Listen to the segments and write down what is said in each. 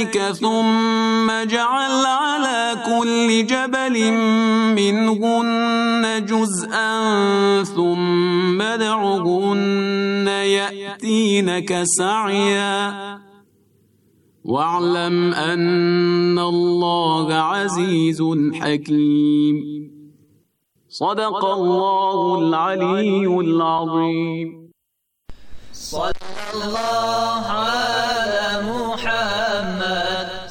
ذلك ثم جعل على كل جبل منهن جزءا ثم دعهن يأتينك سعيا واعلم أن الله عزيز حكيم صدق الله العلي العظيم صلى الله على محمد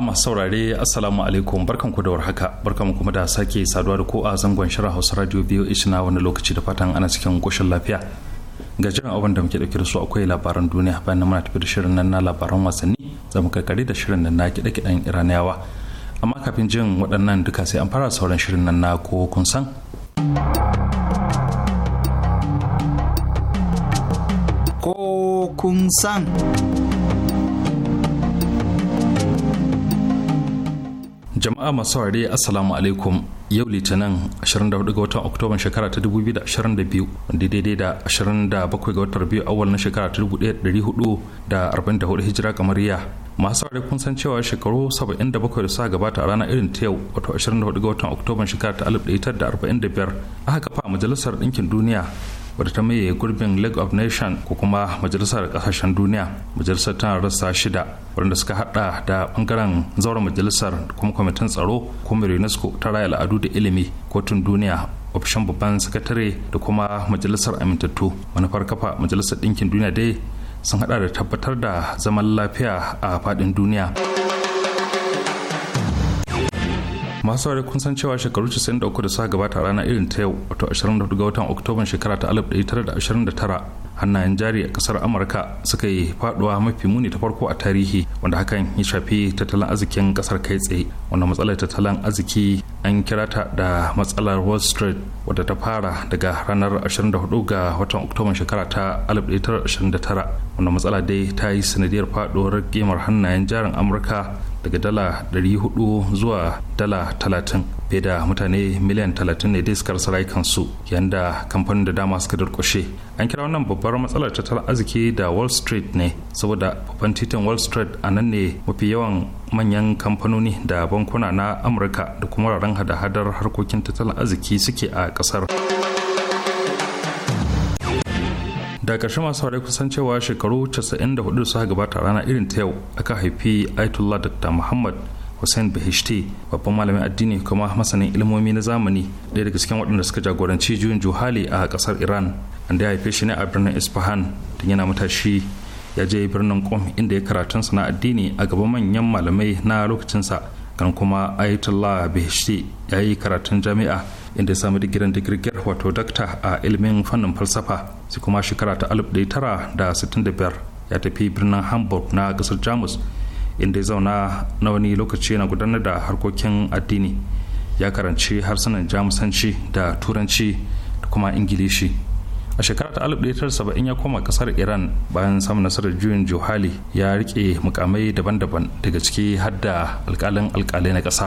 masu saurare assalamu alaikum barkan ku da warhaka barkan kuma da sake saduwa da ku a zangon shirin hausa radio voh na wani lokaci da fatan ana cikin koshin lafiya ga jiran abin da muke dauke da su akwai labaran duniya bayan muna tafi da shirin nan na labaran wasanni zamu karkare da shirin nan na kiɗe-kiɗen iraniyawa amma kafin jin waɗannan duka sai an fara sauran shirin nan na ko kun san ko kun san jama'a masu saurare assalamu alaikum yau litinin 24 ga watan oktoban shekara ta 2022 da daidai da 27 ga watan biyu awal na shekara ta 1444 hijira kamariya masu saurare kun san cewa shekaru 77 da sa gabata a ranar irin ta yau wato 24 ga watan oktoban shekara ta 1945 aka kafa majalisar ɗinkin duniya wata ta maye gurbin league of nations ko kuma majalisar kasashen duniya majalisar tana rassa shida wadanda suka hada da bangaren zauren majalisar da kuma kwamitin tsaro kuma unesco ta raya al'adu da ilimi kotun duniya ofishin babban sakatare da kuma majalisar amintattu manufar kafa majalisar ɗinkin duniya dai sun hada da tabbatar da zaman lafiya a faɗin duniya. masu saurari kun san cewa shekaru 93 da suka gabata a rana irin ta yau wato 24 ga watan oktoban shekara ta 1929 hannayen jari a kasar amurka suka yi faduwa mafi muni ta farko a tarihi wanda hakan ya shafi tattalin arzikin kasar kai tsaye wanda matsalar tattalin arziki an kira ta da matsalar wall street wadda ta fara daga ranar 24 ga watan oktoban shekara ta 1929 wanda matsala dai ta yi sanadiyar faduwar gemar hannayen jarin amurka daga dala 400 zuwa dala 30 fiye da mutane miliyan 30 ne dai suka rasa rayukansu yanda kamfanin da dama suka durkushe an kira wannan babbar matsalar tattalin arziki da wall street ne saboda babban titin wall street a nan ne mafi yawan manyan kamfanoni da bankuna na amurka da kuma raren hada-hadar harkokin tattalin arziki suke a kasar. da ƙarshe masu haɗe kusan cewa shekaru 94 suka gabata rana irin ta yau aka haifi aitullah dr muhammad hussein bahishte babban malamin addini kuma masanin ilmomi na zamani ɗaya daga cikin waɗanda suka jagoranci juyin juhali a ƙasar iran da ya haife shi ne a birnin isfahan tun yana matashi ya je birnin qom inda ya karatun na addini a gaban manyan malamai na lokacinsa kan kuma aitullah bahishte ya yi karatun jami'a inda ya samu digirin gyar wato dakta a ilimin fannin falsafa sai kuma shekara ta 1965 ya tafi birnin hamburg na kasar jamus inda ya zauna na wani lokaci na gudanar da harkokin addini ya karanci harsunan jamusanci da turanci da kuma ingilishi a shekara ta 1970 ya koma kasar iran bayan samun nasarar juyin johali ya rike mukamai daban-daban daga ciki hadda alkalin alkalai na ƙasa.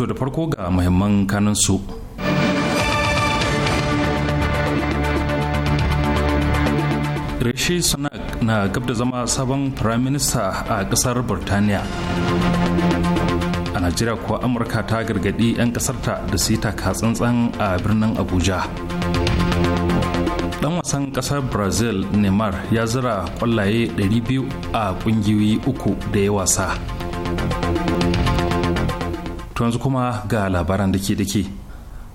To da farko ga muhimman kanin su. Rishi Sunak na gab da zama sabon firaminista a ƙasar Burtaniya. A Najeriya kuwa Amurka ta gargaɗi 'yan ƙasarta da su yi tsantsan a birnin Abuja. Ɗan wasan ƙasar brazil neymar ya zira kwallaye 200 a ƙungiyoyi uku da ya wasa To yanzu kuma ga labaran da ke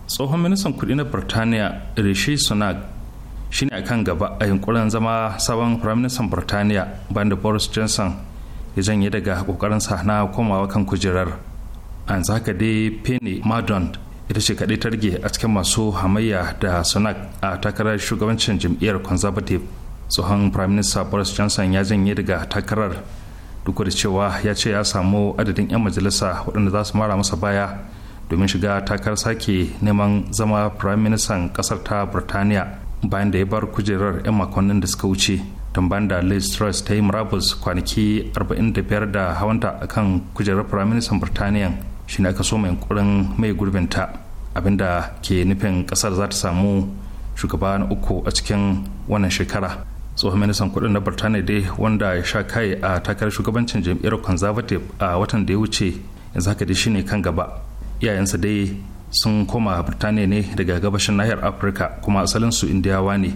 Tsohon ministan kudi na Birtaniya Rishi Sunak shine a kan gaba a yunkurin zama sabon Minister Birtaniya bayan da Boris Johnson ya janye daga kokarinsa na komawa kan kujerar. An zaka dai Penny madon ita ce kaɗai ta rage a cikin masu hamayya da Sunak a takarar shugabancin jam'iyyar Conservative. Tsohon firaminista Boris Johnson ya janye daga takarar duk da cewa ya ce ya samu adadin 'yan majalisa waɗanda za su mara masa baya domin shiga takar sake neman zama prime minister ƙasar ta burtaniya bayan da ya bar kujerar 'yan makonnin da suka wuce tambayan da liz truss ta yi murabus kwanaki 45 da hawanta akan kujerar prime minister burtaniya ne aka so mai yankurin mai gurbinta abinda ke nufin ƙasar za ta samu shugaba na uku a cikin wannan shekara tsohon ministan kudin na birtaniya dai wanda ya sha kai a takarar shugabancin jam'iyyar conservative a watan da ya wuce yanzu haka dai shine kan gaba iyayensa dai sun koma birtaniya ne daga gabashin nahiyar afirka kuma asalin su indiyawa ne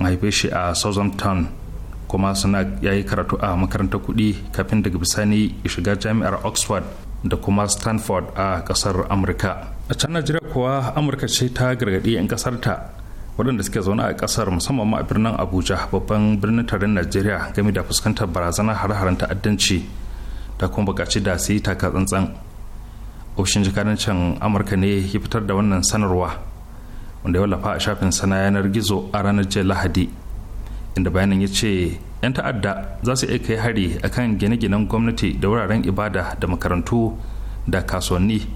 an haife shi a southampton kuma suna yayi karatu a makarantar kudi kafin daga bisani ya shiga jami'ar oxford da kuma stanford a kasar amurka a can najeriya kuwa amurka ce ta gargaɗi 'yan kasarta. waɗanda suke zaune a ƙasar musamman ma a birnin abuja babban birnin tarin najeriya game da fuskantar barazanar hare-haren ta'addanci da kuma buƙaci da su yi taka tsantsan ofishin jikadancin amurka ne ya fitar da wannan sanarwa wanda ya wallafa a shafin sana yanar gizo a ranar jiya lahadi inda bayanin ya ce 'yan ta'adda za su iya kai hari akan gine-ginen gwamnati da wuraren ibada da makarantu da kasuwanni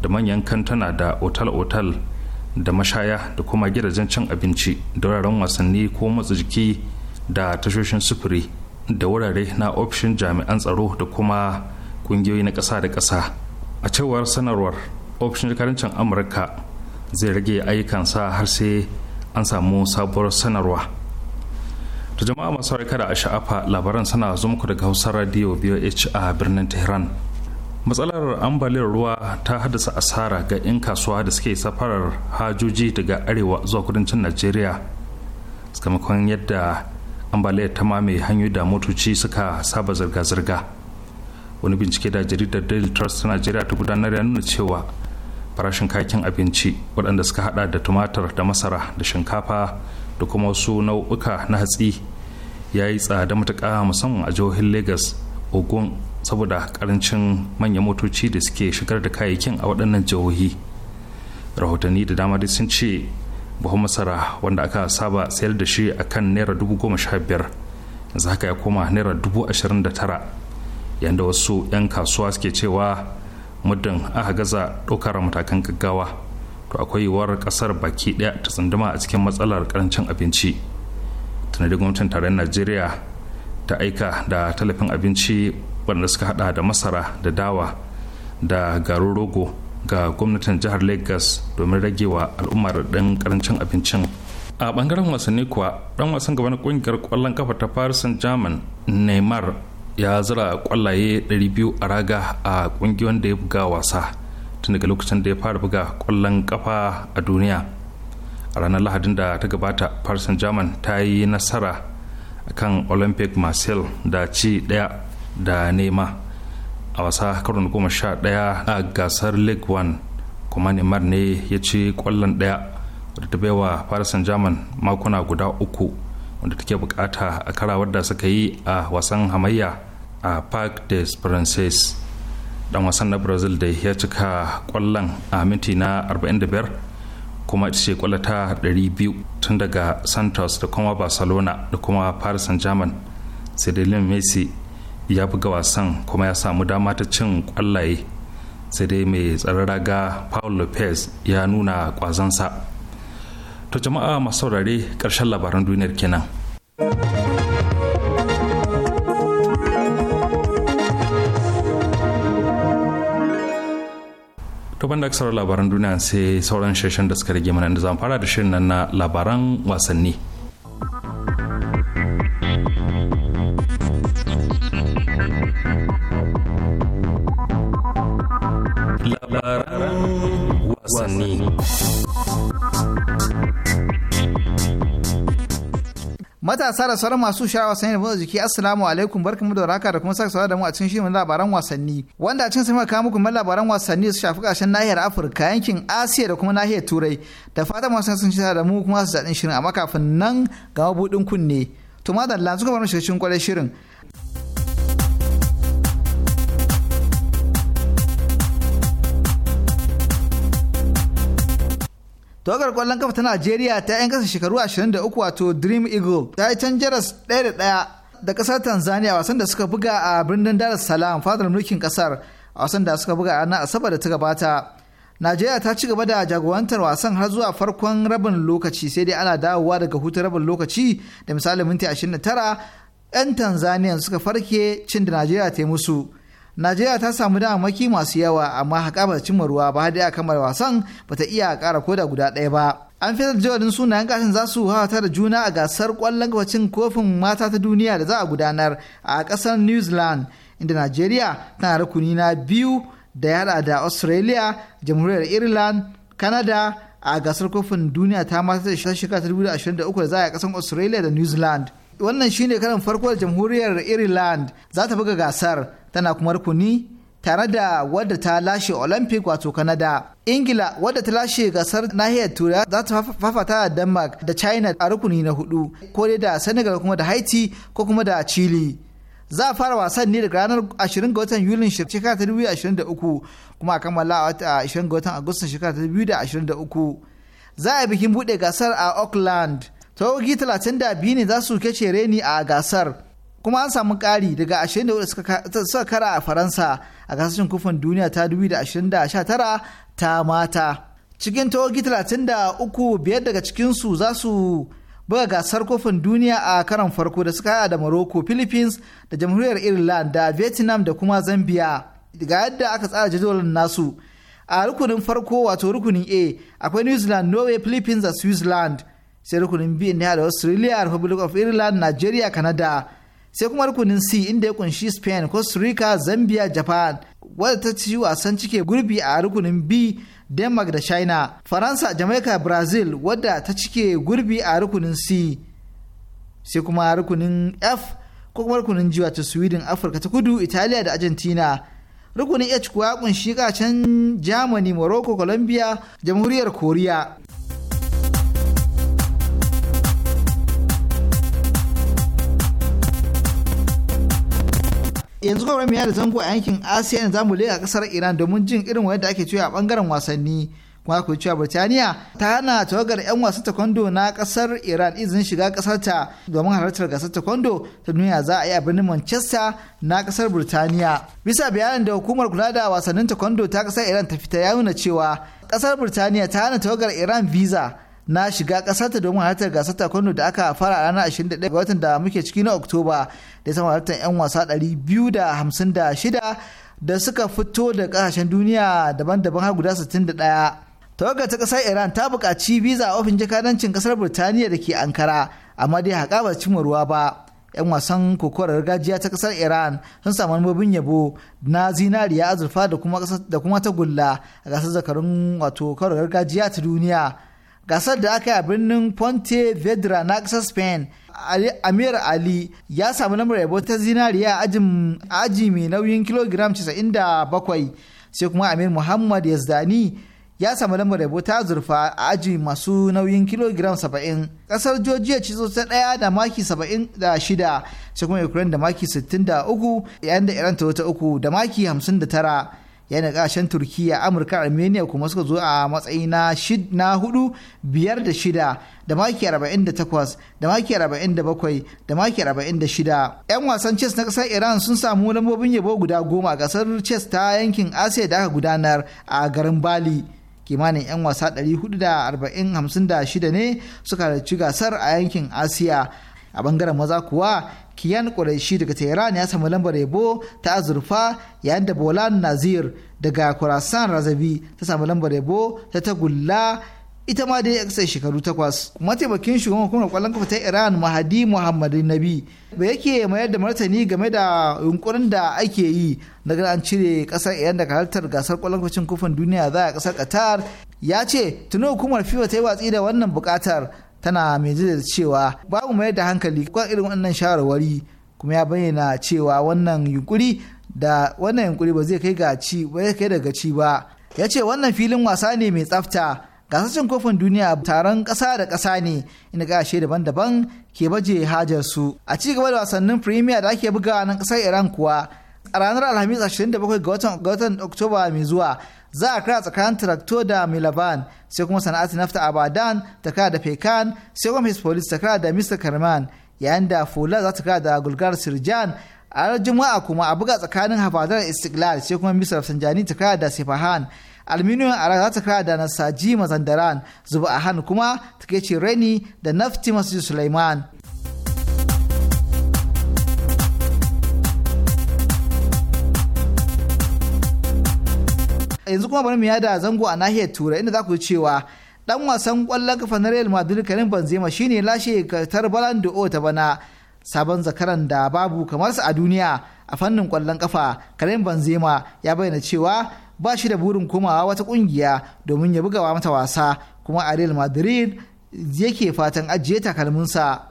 da manyan kantana da otal-otal da mashaya da kuma gidajen cin abinci da wuraren wasanni ko matsa jiki da tashoshin sufuri da wurare na ofishin jami'an tsaro da kuma kungiyoyi na ƙasa da ƙasa a cewar sanarwar ofishin jikarancin amurka zai rage ayyukansa har sai an samu sabuwar sanarwa da jama'a masu kada a sha'afa labaran sana zo muku daga hausar radio voh a birnin tehran matsalar ambaliyar ruwa ta haddasa asara ga 'yan kasuwa da suke safarar hajoji daga arewa zuwa kudancin najeriya sakamakon yadda ambaliyar ta mame hanyoyi da motoci suka saba zirga-zirga wani bincike da jaridar daily trust ta najeriya ta gudanar ya nuna cewa farashin kakin abinci waɗanda suka hada da tumatir da masara da shinkafa da kuma wasu nau'uka na hatsi ya yi tsada matuƙa musamman a jihohin lagos ogun saboda karancin manyan motoci da suke shigar da kayayyakin a waɗannan jihohi rahotanni da dama dai sun ce buhun masara wanda aka saba sayar da shi a kan naira dubu goma sha biyar yanzu haka ya koma naira dubu ashirin da tara yadda wasu 'yan kasuwa suke cewa muddin aka gaza ɗaukar matakan gaggawa to akwai yiwuwar ƙasar baki ɗaya ta tsunduma a cikin matsalar karancin abinci tunadi gwamnatin tarayyar najeriya ta aika da talafin abinci wanda suka hada da masara da dawa da garin rogo ga gwamnatin jihar lagos domin rage wa al'ummar ɗan karancin abincin a ɓangaren wasanni kuwa ɗan wasan gaba ƙungiyar ƙwallon kafa ta paris saint german neymar ya zira kwallaye 200 a raga a ƙungiyar da ya buga wasa tun daga lokacin da ya fara buga ƙwallon kafa a duniya a ranar lahadin da ta gabata paris saint german ta yi nasara kan olympic marseille da ci ɗaya da nema a wasa karon goma sha ɗaya a gasar league one kuma neymar ne ya ci kwallon ɗaya wadda ta baiwa farisan german makuna guda uku wanda take bukata a karawar da suka yi a wasan hamayya a park des princes dan wasan na brazil da ya cika kwallon a minti na 45 kuma ita ce kwallo ta 200 tun daga santos da kuma barcelona da kuma paris saint german sai da messi ya buga wasan kuma ya samu dama ta cin kwallaye sai dai mai tsaron raga paul lopez ya nuna kwazansa to jama'a masu saurare ƙarshen labaran duniyar kenan to banda sauran labaran duniya sai sauran sheshen da suka rage mana da zan fara da shirin nan na labaran wasanni matasa da sauran masu sha'awa sanin motsa jiki assalamu alaikum mu da waraka da kuma sake da mu a cikin shirin labaran wasanni wanda a cikin sai kawo muku mai labaran wasanni su shafi kashin nahiyar Afirka yankin Asiya da kuma nahiyar Turai da fatan masu sun ci da mu kuma su daɗin shirin amma kafin nan ga mabudin kunne to madalla suka bar mu shirin kwarai shirin tawagar kwallon kafa ta najeriya ta 'yan kasa shekaru 23 wato dream eagle ta yi can jaras ɗaya da ɗaya da ƙasar tanzania wasan da suka buga a birnin dar es salaam fadar mulkin ƙasar a wasan da suka buga a ranar asabar da ta gabata najeriya ta ci gaba da jagorantar wasan har zuwa farkon rabin lokaci sai dai ana dawowa daga hutun rabin lokaci da misalin minti 29 'yan tanzania suka farke cin da najeriya ta yi musu Najeriya ta samu damaki masu yawa amma haka ba cimma ruwa ba dai a kamar wasan bata iya kara koda guda ɗaya ba. An fitar jawarin sunayen gasar za su hawata da juna a gasar kwallon gabacin kofin mata ta duniya da za a gudanar a ƙasar New Zealand inda Najeriya tana rukuni na biyu da ya haɗa da Australia, Jamhuriyar Ireland, Canada a gasar kofin duniya ta mata ta shekara 2023 da za a ƙasar Australia da New Zealand. Wannan shine karan farko da Jamhuriyar Ireland za ta buga gasar. tana kuma rukuni tare da wadda ta lashe olympic wato canada ingila wadda ta lashe gasar nahiyar turai za ta fafata da denmark da china a rukuni na hudu ko dai da senegal kuma da haiti ko kuma da chile za a fara wasan ne daga ranar 20 ga watan yulin shekara ta 2023 kuma a kammala a 20 ga watan agustan shekara ta 2023 za a bikin buɗe gasar a auckland tawagogi 32 ne za su kece reni a gasar kuma an samu kari daga 24 da suka kara a faransa a kasashen kufin duniya ta 2019 ta mata cikin tawogi 33 biyar daga cikinsu za su buga gasar kofin duniya a karon farko da suka hada da morocco philippines da jamhuriyar ireland da vietnam da kuma zambia ga yadda aka tsara jadawalin nasu a rukunin farko wato rukunin a akwai new zealand norway philippines da switzerland sai rukunin b ne da australia republic of ireland nigeria canada sai kuma rukunin c inda ya kunshi spain costa rica zambia japan wadda ta ci wasan cike gurbi a rukunin b denmark da china faransa jamaica brazil wadda ta cike gurbi a rukunin c sai kuma rukunin f ko kuma rukunin g wato sweden afirka ta kudu italiya da argentina rukunin h kuwa kunshi kasashen germany morocco colombia jamhuriyar korea yanzu kawai mu da zango a yankin asiya zamu mu leka kasar iran domin jin irin wanda ake cewa a bangaren wasanni kuma ku cewa birtaniya ta hana tawagar 'yan wasan taekwondo na kasar iran izinin shiga kasarta ta domin halartar gasar takwando ta duniya za a yi a birnin manchester na kasar birtaniya bisa bayanin da hukumar kula da wasannin taekwondo ta kasar iran ta fita ya nuna cewa kasar birtaniya ta hana tawagar iran visa na shiga ƙasarta domin halartar gasar ta taekwondo da aka fara a ranar 21 ga watan da muke ciki na oktoba da sama halartar 'yan wasa 256 da suka fito da ƙasashen duniya daban-daban har guda 61 tawagar ta ƙasar iran ta buƙaci visa a ofin jakadancin ƙasar birtaniya da ke ankara amma dai haƙa ba cimma ruwa ba 'yan wasan kokowar gargajiya ta kasar iran sun samu mabin yabo na zinariya azurfa da kuma ta gulla a gasar zakarun wato kawar gargajiya ta duniya gasar da aka yi a birnin ponte vedra na ƙasar spain amir ali ya samu lamar yabo ta zinariya a aji mai nauyin kilogiram 97 sai kuma amir muhammad yazdani ya samu lamar yabo ta zurfa a aji masu nauyin kilogiram 70 kasar georgia ci zo ta ɗaya da maki 76 sai kuma ukraine da maki 63 yayin da iran ta uku da maki 59 yana kashen turkiya amurka armenia kuma suka zo a matsayi na hudu biyar da shida da maki 48 da maki 47 da maki 46 yan wasan chess na kasar iran sun samu lambobin yabo guda goma a kasar chess ta yankin asiya da aka gudanar a garin bali kimanin 'yan wasa 456 ne suka halarci gasar a yankin asiya a bangaren maza kuwa kiyan kuraishi daga Tehran ya samu lambar yabo ta azurfa yayin da Bolan Nazir daga kurasan Razabi ta sami lambar yabo ta tagulla ita ma dai ya shekaru takwas mataimakin shugaban hukumar kwallon kafa ta iran mahadi muhammadu nabi ba yake mayar da martani game da yunkurin da ake yi na an cire kasar iran daga halartar gasar kwallon kafa cin kofin duniya za a kasar qatar ya ce tuni hukumar fifa ta yi watsi da wannan bukatar tana mai da cewa babu mayar da hankali kan irin wannan shawarwari kuma ya bayyana cewa wannan yunkuri da wannan yunkuri ba zai kai ga ci ba zai kai daga ci ba ya ce wannan filin wasa ne mai tsafta gasashen kofin duniya taron kasa da kasa ne inda ƙasashe daban-daban ke baje hajar su a ci gaba da wasannin premier da ake buga nan ƙasar iran kuwa a ranar alhamis 27 ga watan oktoba mai zuwa za a kira tsakanin tarakto da milaban sai kuma sana'ati nafta abadan ta kira da fekan sai kuma police ta kira da mr karman yayin da fula za ta kira da gulgar sirjan a ranar juma'a kuma a buga tsakanin hafadar istiklal sai kuma mr sanjani ta kira da sifahan alminiyon a za ta kira da nasaji mazandaran zuba a hannu kuma ta ce reni da nafti masu suleiman yanzu kuma bari mu yada zango a nahiyar turai inda za ku cewa dan wasan kwallon kafa na Real Madrid Karim Benzema shine lashe kartar balan d'Or ta bana sabon zakaran da babu kamar sa a duniya a fannin kwallon kafa Karim Benzema ya bayyana cewa ba shi da burin komawa wata kungiya domin ya bugawa mata wasa kuma a Real Madrid yake fatan ajiye takalminsa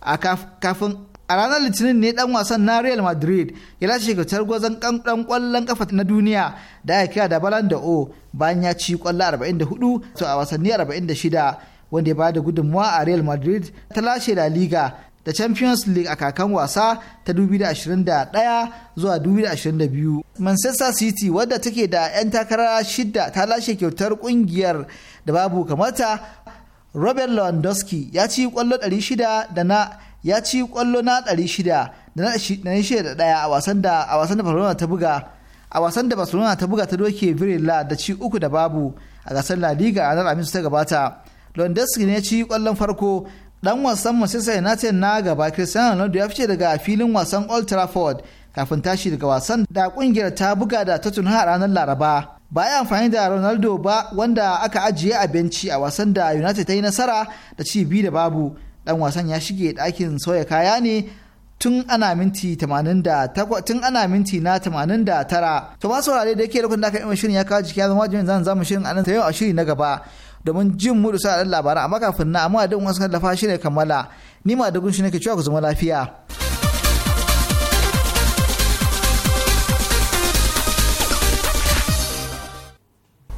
a kafin a ranar litinin ne dan wasan na real madrid ya lashe kyautar gwazon kankan kwallon kafa na duniya da aka kira da balan da o bayan ya ci kwallo 44 to a wasanni 46 wanda ya ba da gudunmawa a real madrid ta lashe da liga da champions league a kakan wasa ta 2021 zuwa 2022 manchester city wadda take da 'yan takara shida ta lashe kyautar kungiyar da babu kamata robert lewandowski ya ci kwallo 600 da na ya ci kwallo na 600 da na a wasan da a wasan da Barcelona ta buga a wasan da Barcelona ta buga ta doke Villarreal da ci uku da babu a gasar La Liga a ranar Alhamis ta gabata. Lewandowski ne ci kwallon farko dan wasan Manchester United na gaba Cristiano Ronaldo ya fice daga filin wasan Old Trafford kafin tashi daga wasan da kungiyar ta buga da Tottenham a ranar Laraba. Baya amfani da Ronaldo ba wanda aka ajiye a benci a wasan da United ta yi nasara da ci biyu da babu dan wasan ya shige ɗakin soya kaya ne tun ana minti 88 tun ana minti na 89 to ba saurare da yake lokacin da aka yi shirin ya kawo jiki ya zama wajibin zan zama shirin anan yau a shiri na gaba domin jin mu da sa labaran amma kafin na amma da wasu kallafa shi ne kammala ni ma da gunshi nake cewa ku zama lafiya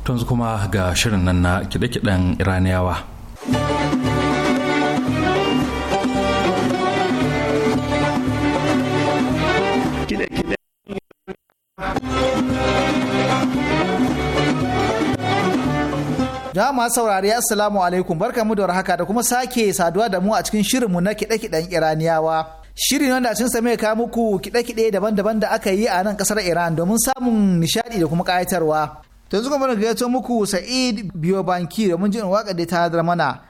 tunzu kuma ga shirin nan na kide-kiden iraniyawa Jama'a saurari assalamu alaikum barka mu da warhaka da kuma sake saduwa da mu a cikin shirinmu na kiɗe-kiɗen Iraniyawa. Shirin wanda cin sa mai ka muku kiɗe-kiɗe daban-daban da aka yi a nan ƙasar Iran domin samun nishaɗi da kuma ƙayatarwa. To yanzu kuma muku Sa'id banki domin jin waƙar da ta mana.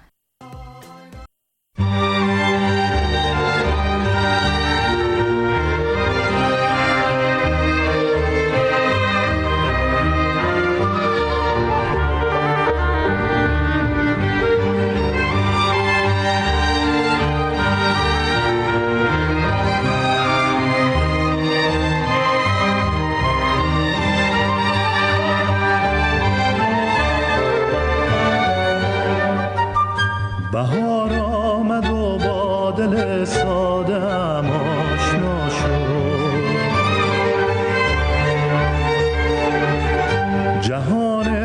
Morning.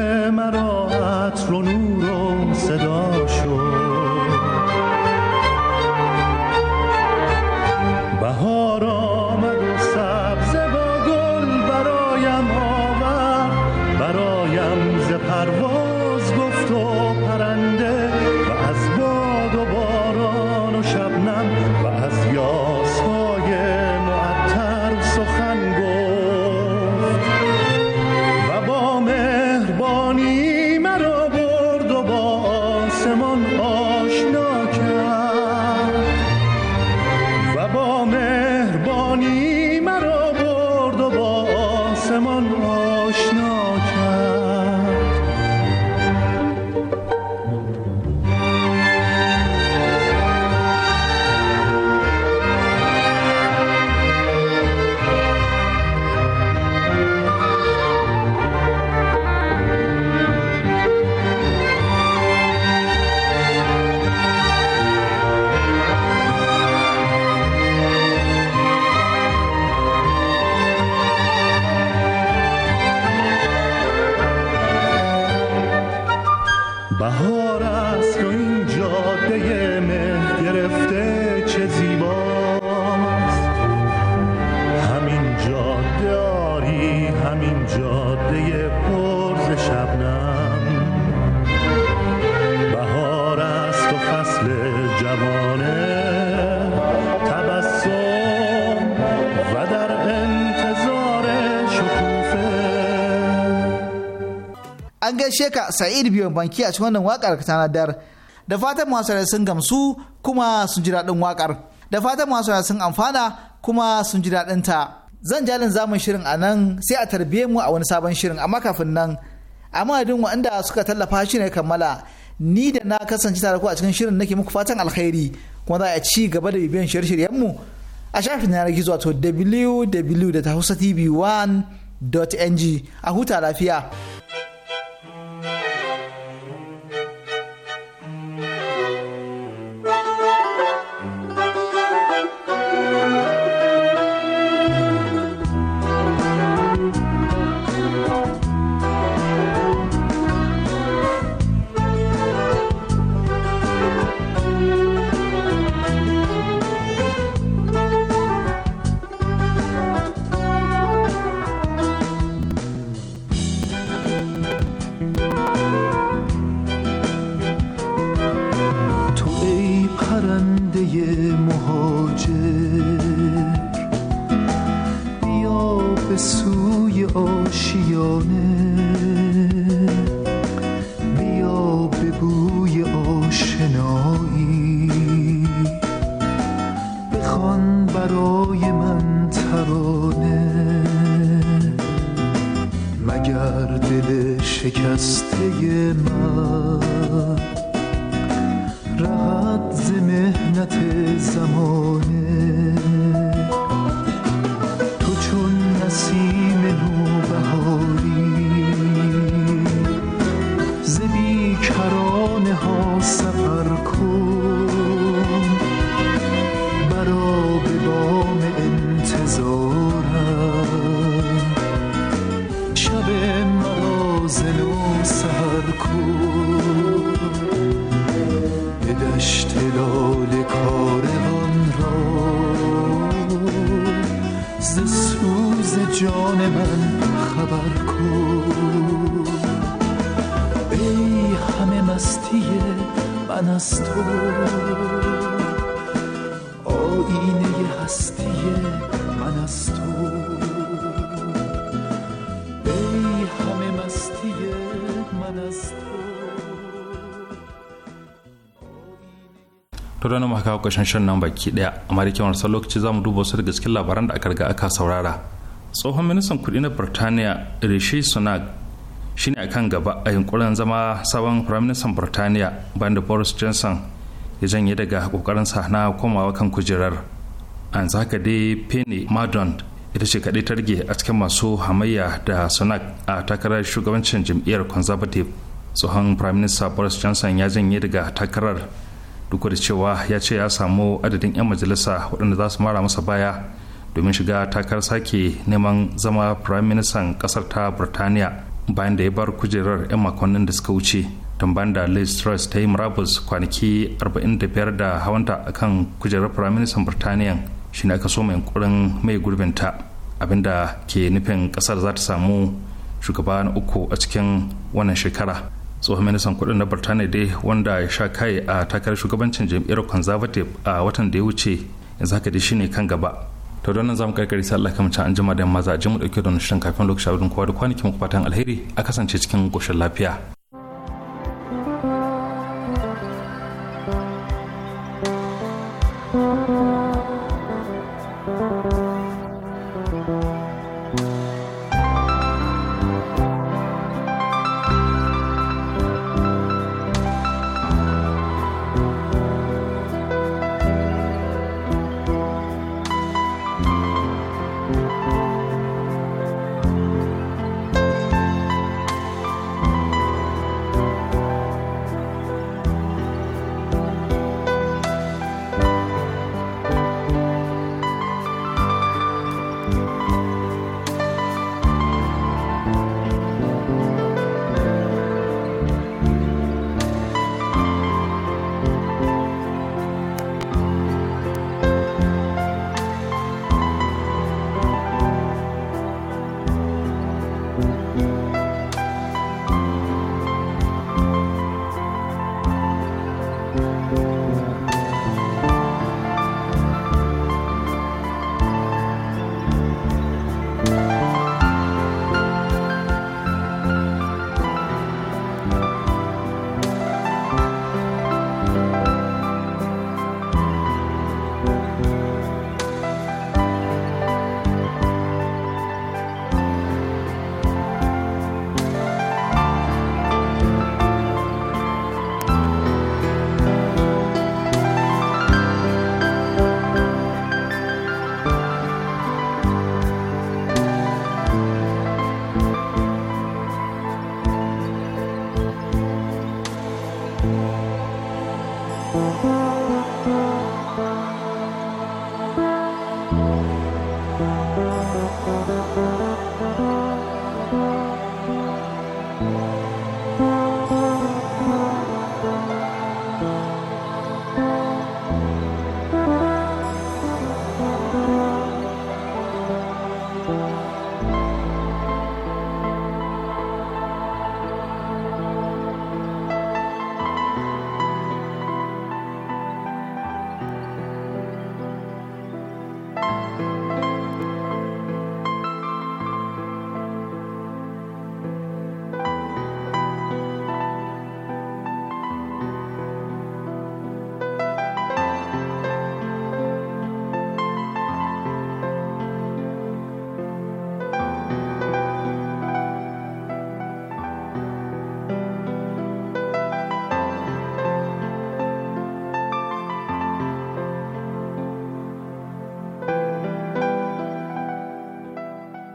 gaishe ka Sa'id biyan banki a cikin wannan wakar ka tanadar. Da fatan masu sun gamsu kuma sun ji daɗin wakar. Da fatan masu sun amfana kuma sun ji daɗin ta. Zan jalin zamun shirin a nan sai a tarbiye mu a wani sabon shirin amma kafin nan. A madadin waɗanda suka tallafa shi ne kammala. Ni da na kasance tare ku a cikin shirin nake muku fatan alkhairi kuma za a ci gaba da bibiyan shirye mu a shafin yanar gizo wato www.hausatv1.ng a huta lafiya. منو سهر کن به دشت را ز سوز جان من خبر کو، ای همه مستی من از تو آینه هستی من از tura mu haka kashin shan nan baki daya amma da kyawar sa lokaci za mu duba wasu daga cikin labaran da aka riga aka saurara tsohon ministan kuɗi na birtaniya rishi sunak shine a kan gaba a yunkurin zama sabon firaministan birtaniya bayan da boris johnson ya janye daga kokarinsa na komawa kan kujerar an haka dai penny madon ita ce kaɗai ta rage a cikin masu hamayya da sunak a takarar shugabancin jam'iyyar conservative tsohon ministan boris johnson ya janye daga takarar duk da cewa ya ce ya samu adadin 'yan majalisa waɗanda za su mara masa baya domin shiga takar sake neman zama firayim ministan ƙasar ta burtaniya bayan da ya bar kujerar 'yan makonnin da suka wuce tambayan da liz truss ta yi murabus kwanaki 45 da hawanta akan kujerar firayim ministan burtaniya shi ne aka so mai yankurin mai gurbinta abinda ke nufin ƙasar za ta samu shugaba na uku a cikin wannan shekara tsohon ministan kudin na birtaniya dai wanda ya sha kai a takarar shugabancin jam'iyyar conservative a watan da ya wuce yanzu haka dai shine kan gaba to don nan zamu karkari sai Allah kamar an jima da maza je mu dauke da shirin kafin lokacin abin kowa da kwanakin fatan alheri a kasance cikin koshin lafiya